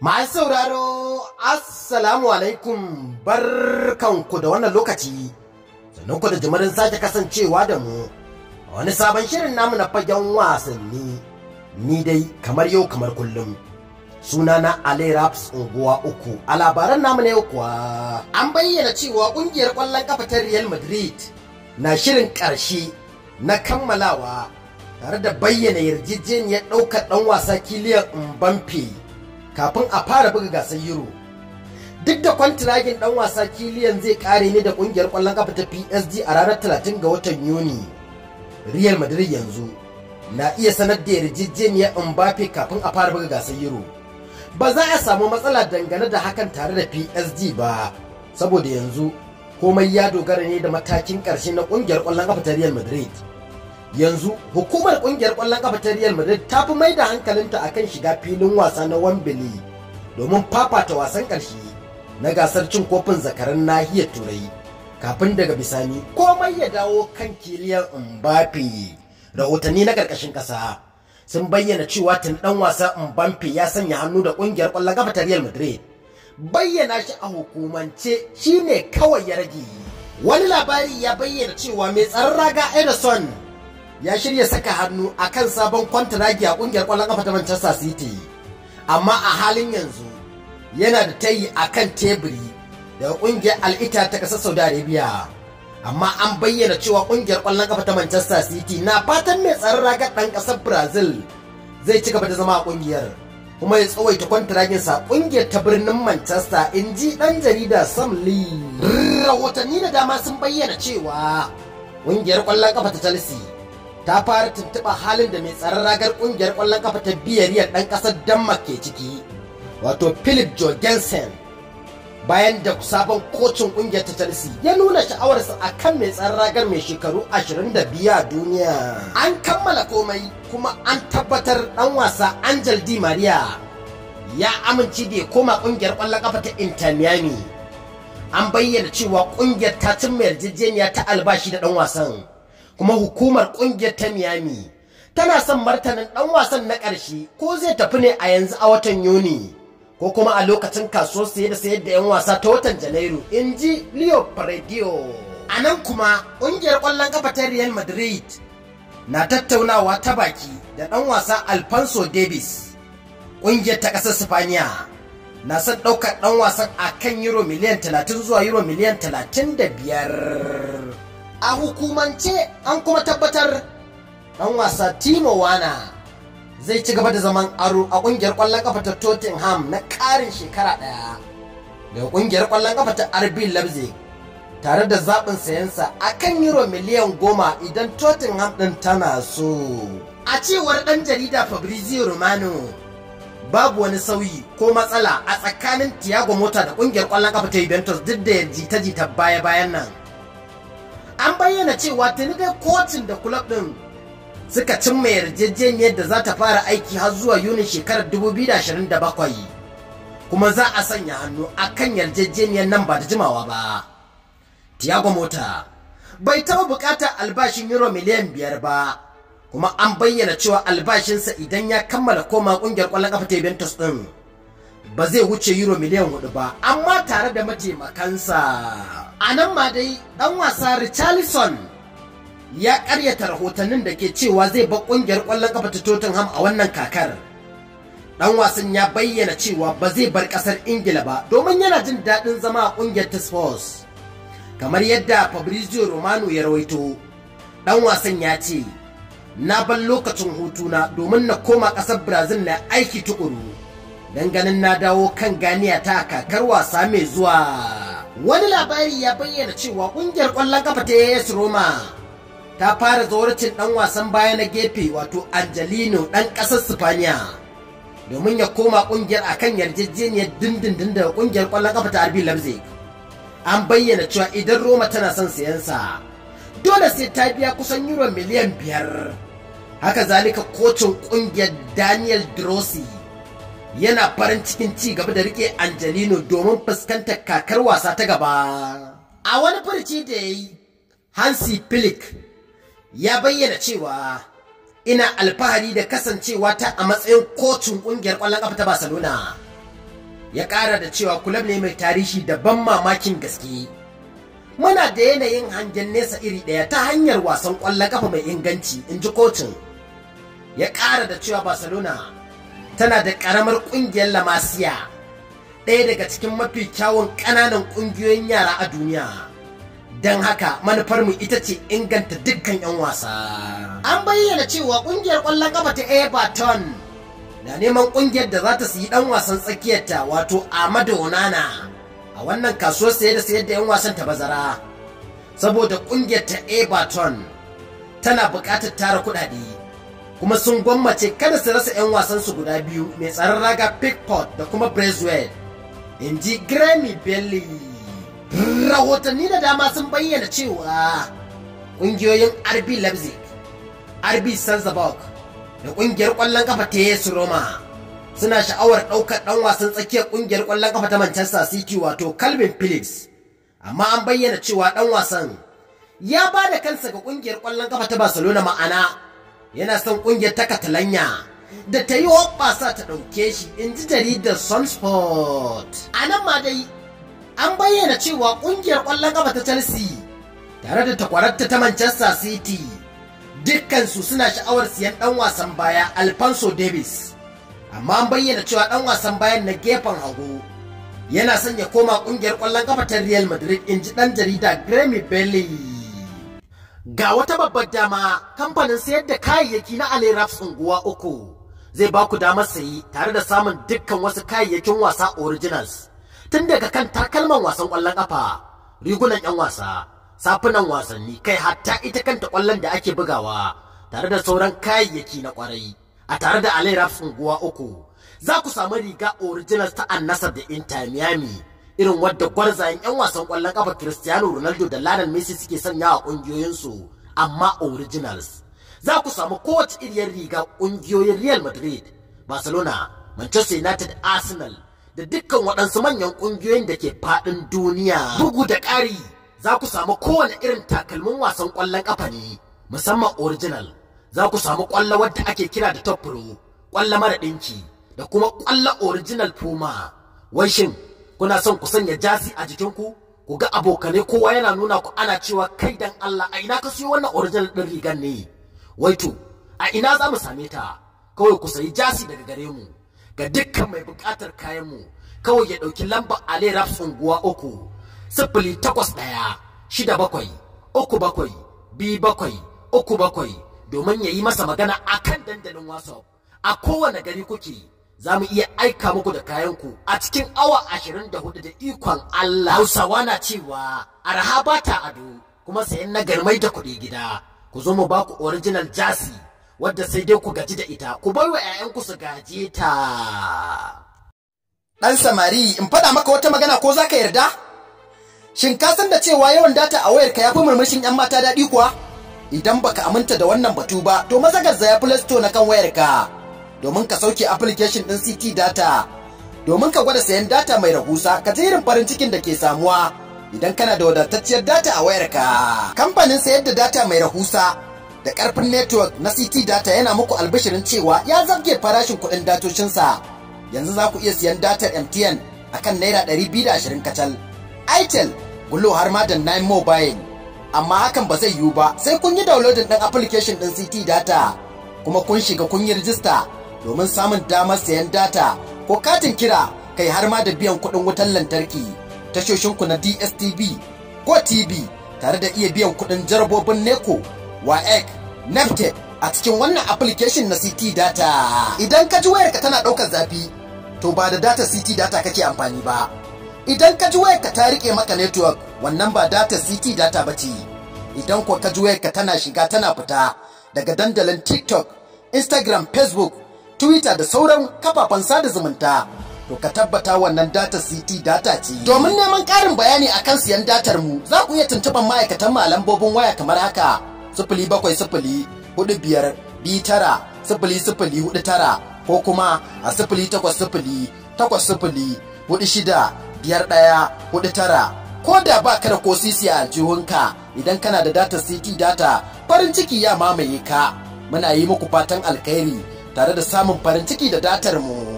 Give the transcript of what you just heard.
Masu sauraro, Assalamu alaikum barkanku da wannan lokaci, sannan da jimarin sake kasancewa da mu, a wani sabon shirin namu na fagen wasanni, ni dai kamar yau kamar kullum. Sunana Ali Raps unguwa uku, a labaran namu na yau kuwa an bayyana cewa ƙungiyar ƙwallon ƙafa ta Real Madrid na shirin ƙarshe na kammalawa tare da bayyana yarjejeniyar ɗaukar ɗan wasa Kiliyan Mbappe. kafin a fara buga gasar Euro. Duk da kwantiragin ɗan wasa Kiliyan zai ƙare ne da ƙungiyar ƙwallon ƙafa ta PSG a ranar 30 ga watan Yuni. Real Madrid yanzu na iya sanar da yarjejeniyar Mbappe kafin a fara buga gasar Euro. Ba za a samu matsala dangane da hakan tare da PSG ba, saboda yanzu komai ya dogara ne da matakin ƙarshe na ƙungiyar ƙwallon ƙafa ta Real Madrid. yanzu hukumar kungiyar kwallon kafa ta Real Madrid ta fi mai da hankalinta akan shiga filin wasa na Wembley domin fafata wasan karshe na gasar cin kofin Zakarin nahiyar Turai kafin daga bisani komai ya dawo kan Kylian Mbappe rahotanni na karkashin kasa sun bayyana cewa tun dan wasa Mbappe ya sanya hannu da kungiyar kwallon kafa ta Real Madrid bayyana shi a hukumance shine kawai ya rage wani labari ya bayyana cewa mai tsaron raga Edison ya shirya saka hannu a kan sabon kwantaragi a kungiyar kwallon kafa ta Manchester City amma a halin yanzu yana da tayi a kan teburi daga kungiyar al'ita ta kasar Saudi Arabia amma an bayyana cewa kungiyar kwallon kafa ta Manchester City na fatan mai tsaron ragar ɗan ƙasar Brazil zai ci gaba da zama a kungiyar kuma ya tsawaita kwantaragin sa kungiyar ta birnin Manchester in ji dan jarida Sam Lee rahotanni da dama sun bayyana cewa kungiyar kwallon kafa ta Chelsea ta fara tuntuɓa halin da mai tsaron ragar ƙungiyar ƙwallon kafa ta biyariyar ɗan ƙasar Denmark ke ciki, wato Philip Jorgensen. Bayan da sabon kocin ƙungiyar ta Chelsea ya nuna sha'awarsa a kan mai tsaron ragar mai shekaru 25 a duniya. An kammala komai kuma an tabbatar ɗan wasa Angel Di Maria ya amince da ya koma ƙungiyar ƙwallon kafa ta Inter Miami. An bayyana cewa ƙungiyar ta mai yarjejeniya ta albashi da ɗan wasan. kuma hukumar kungiyar ta Miami tana son martanin dan wasan na ƙarshe ko zai tafi ne a yanzu a watan Yuni ko kuma a lokacin kasuwar saye da sayar da 'yan wasa ta watan Janairu in ji Leo Paredio. A nan kuma ƙungiyar ƙwallon kafa ta Real Madrid na tattaunawa ta baki da ɗan wasa Alfonso Davies, ƙungiyar ta ƙasar Sifaniya. na son ɗaukar ɗan wasan a kan euro miliyan 30 zuwa euro miliyan 35 a hukumance an kuma tabbatar dan wasa timo wana zai ci gaba da zaman aro a ƙungiyar kwallon kafa ta tottenham na ƙarin shekara ɗaya, da ƙungiyar kwallon kafa ta rb leipzig tare da zaɓin sayansa a kan euro miliyan goma idan tottenham ɗin tana so a cewar ɗan jarida fabrizio romano babu wani sauyi ko matsala a tsakanin tiago mota da ƙungiyar ƙwallon ƙafa ta juventus duk da jita-jita baya-bayan nan an bayyana cewa tuni dai kocin da kulab din suka cimma yarjejeniyar da za ta fara aiki har zuwa yunin shekarar 2027 kuma za a sanya hannu akan kan yarjejeniyar nan ba da jimawa ba tiago mota bai taɓa buƙatar albashin euro miliyan biyar ba kuma an bayyana cewa albashinsa idan ya kammala koma ƙungiyar ƙwallon ƙafa ta Juventus ɗin ba zai wuce euro miliyan hudu ba amma tare da mataimakansa a nan ma dai dan wasa richarlison ya karyata rahotannin da ke cewa zai ba kungiyar kwallon kafa ta tottenham a wannan kakar dan wasan ya bayyana cewa ba zai bar kasar ingila ba domin yana jin daɗin zama a kungiyar ta kamar yadda fabrizio romano ya rawaito dan wasan ya ce na bar lokacin hutuna domin na koma kasar brazil na aiki tukuru don ganin na dawo kan ganiya ta kakar wasa mai zuwa wani labari ya bayyana cewa kungiyar kwallon kafa ta AS Roma ta fara zauracin dan wasan baya na gefe wato Angelino dan kasar Sifaniya, domin ya koma kungiyar akan yarjejeniyar dindindin da kungiyar kwallon kafa ta RB Leipzig an bayyana cewa idan Roma tana son sayansa dole sai ta biya kusan euro miliyan biyar haka zalika kocin kungiyar Daniel Drossi yana farin cikin ci gaba da rike Angelino domin fuskantar kakar wasa ta gaba. A wani furci da ya yi, Hansi Flick ya bayyana cewa ina alfahari da kasancewa ta a matsayin kocin kungiyar ƙwallon ƙafa ta Barcelona. Ya ƙara da cewa kulab ne mai tarihi da ban mamakin gaske. Muna da yanayin hangen nesa iri ɗaya ta hanyar wasan ƙwallon ƙafa mai inganci, in ji kocin. Ya ƙara da cewa Barcelona tana da karamar kungiyar lamasiya ɗaya daga cikin mafi kyawun ƙananan ƙungiyoyin yara a duniya don haka manufarmu ita ce inganta dukkan 'yan wasa an bayyana cewa ƙungiyar ƙwallon ƙafa ta everton na neman ƙungiyar da za ta siyi ɗan wasan tsakiyarta wato amadu onana a wannan kasuwar sayar da sayar da 'yan wasan ta bazara saboda ƙungiyar ta everton tana buƙatar tara kuɗaɗe kuma sun gwammace kada su rasa 'yan wasansu guda biyu mai tsaron raga pickpot da kuma bracewell in ji grammy belly rahotanni da dama sun bayyana cewa ƙungiyoyin rb leipzig rb salzburg da ƙungiyar ƙwallon kafa ta yesu roma suna sha'awar ɗaukar ɗan wasan tsakiyar ƙungiyar kwallon kafa ta manchester city wato calvin phillips amma an bayyana cewa ɗan wasan ya ba da kansa ga ƙungiyar ƙwallon kafa ta barcelona ma'ana yana son ƙungiyar ta katalanya da ta yi sa ta ɗauke shi in ji jaridar sunsport a nan ma dai an bayyana cewa ƙungiyar ƙwallon ƙafa ta chelsea tare da takwararta ta manchester city dukkansu suna sha'awar siyan ɗan wasan baya alfonso davis amma an bayyana cewa ɗan wasan bayan na gefen hagu yana son ya koma ƙungiyar ƙwallon ƙafa ta real madrid in ji ɗan jarida grammy bailey Ga wata babbar dama kamfanin sayar da kayayyaki na Ali Raps unguwa uku zai baku ku damar sayi tare da samun dukkan wasu kayayyakin wasa originals tun daga kan takalman wasan kwallon kafa, rigunan 'yan wasa, safunan wasanni kai hatta ita kanta kwallon da ake bugawa tare da sauran kayayyaki na kwarai a tare da Ale Raps unguwa uku. Za ku samu riga originals ta annasar da Inter Miami irin wadda gwarzayen 'yan wasan ƙwallon ƙafa Cristiano Ronaldo da Lionel Messi suke sanya a ƙungiyoyinsu amma originals. Za ku samu kowace iriyar riga ƙungiyoyin Real Madrid, Barcelona, Manchester United, Arsenal da dukkan waɗansu manyan ƙungiyoyin da ke faɗin duniya. Bugu da ƙari, za ku samu kowane irin takalmin wasan ƙwallon ƙafa ne, musamman original. Za ku samu ƙwallo wadda ake kira da top pro, ƙwallo mara ɗinki, da kuma ƙwallo original puma. Wai shin kuna son ku sanya jasi a jikinku ku ga abokanai kowa yana nuna ku ana cewa kai dan Allah a ina ka siyo wannan original din rigar ne wai to a ina za mu same ta kawai ku sayi jasi daga gare mu ga dukkan mai buƙatar kayan mu kawai ya ɗauki lambar Ali Raps unguwa uku sifili takwas ɗaya shida bakwai uku bakwai biyu bakwai uku bakwai domin ya yi masa magana akan dandalin WhatsApp a kowane gari kuke za mu iya aika muku da kayanku a cikin awa ashirin da hudu da ikon Allah. Hausawa na cewa arha ba ta ado kuma sayan na garmai da kuɗi gida. Ku zo mu ba ku original jasi wadda sai dai ku gaji da ita ku bar wa 'ya'yanku su gaje ta. Ɗan samari in faɗa maka wata magana ko za ka yarda? Shin ka san da cewa yawan data a wayarka ya fi murmushin 'yan mata daɗi kuwa? Idan baka aminta da wannan batu ba, to maza garzaya ya Store na kan wayarka. domin ka sauke application ɗin CT data. Domin ka gwada sayan data mai rahusa ka ji irin farin cikin da ke samuwa idan kana da wadatacciyar data a wayarka. Kamfanin sayar da data mai rahusa da ƙarfin network na CT data yana muku albishirin cewa ya zabge farashin kuɗin datocinsa. Yanzu za ku iya siyan datar MTN akan naira 220 kacal. Itel, Gullo har ma da Nine Mobile. amma hakan ba zai yiwu ba sai kun yi downloading ɗin application ɗin CT data kuma kun shiga kun yi rijista domin samun damar sayan data ko katin kira kai har ma da biyan kuɗin wutar lantarki ta ku na DSTV ko TV tare da iya biyan kuɗin jarabobin NECO, WAEC, NEPTEC a cikin wannan application na CT data. Idan ka ji wayarka tana ɗaukar zafi, to ba da data CT data kake amfani ba. Idan ka ji wayarka ta riƙe maka network, wannan ba data CT data ba ce. Idan ko ka ji wayarka tana shiga tana fita daga dandalin TikTok, Instagram, Facebook, twitter da sauran kafafen sada zumunta to ka tabbata wannan data city data ce domin neman ƙarin bayani akan siyan datar mu za ku iya tuntuɓar ma'aikatan malambobin waya kamar haka sifili bakwai sifili hudu biyar tara sifili sifili hudu tara ko kuma a sifili takwas sifili takwas sifili hudu shida biyar ɗaya hudu tara ko da ba ka da ko sisi a aljihunka idan kana da data city data farin ciki ya mamaye ka muna yi muku fatan alkhairi tare da samun farin ciki da datar mu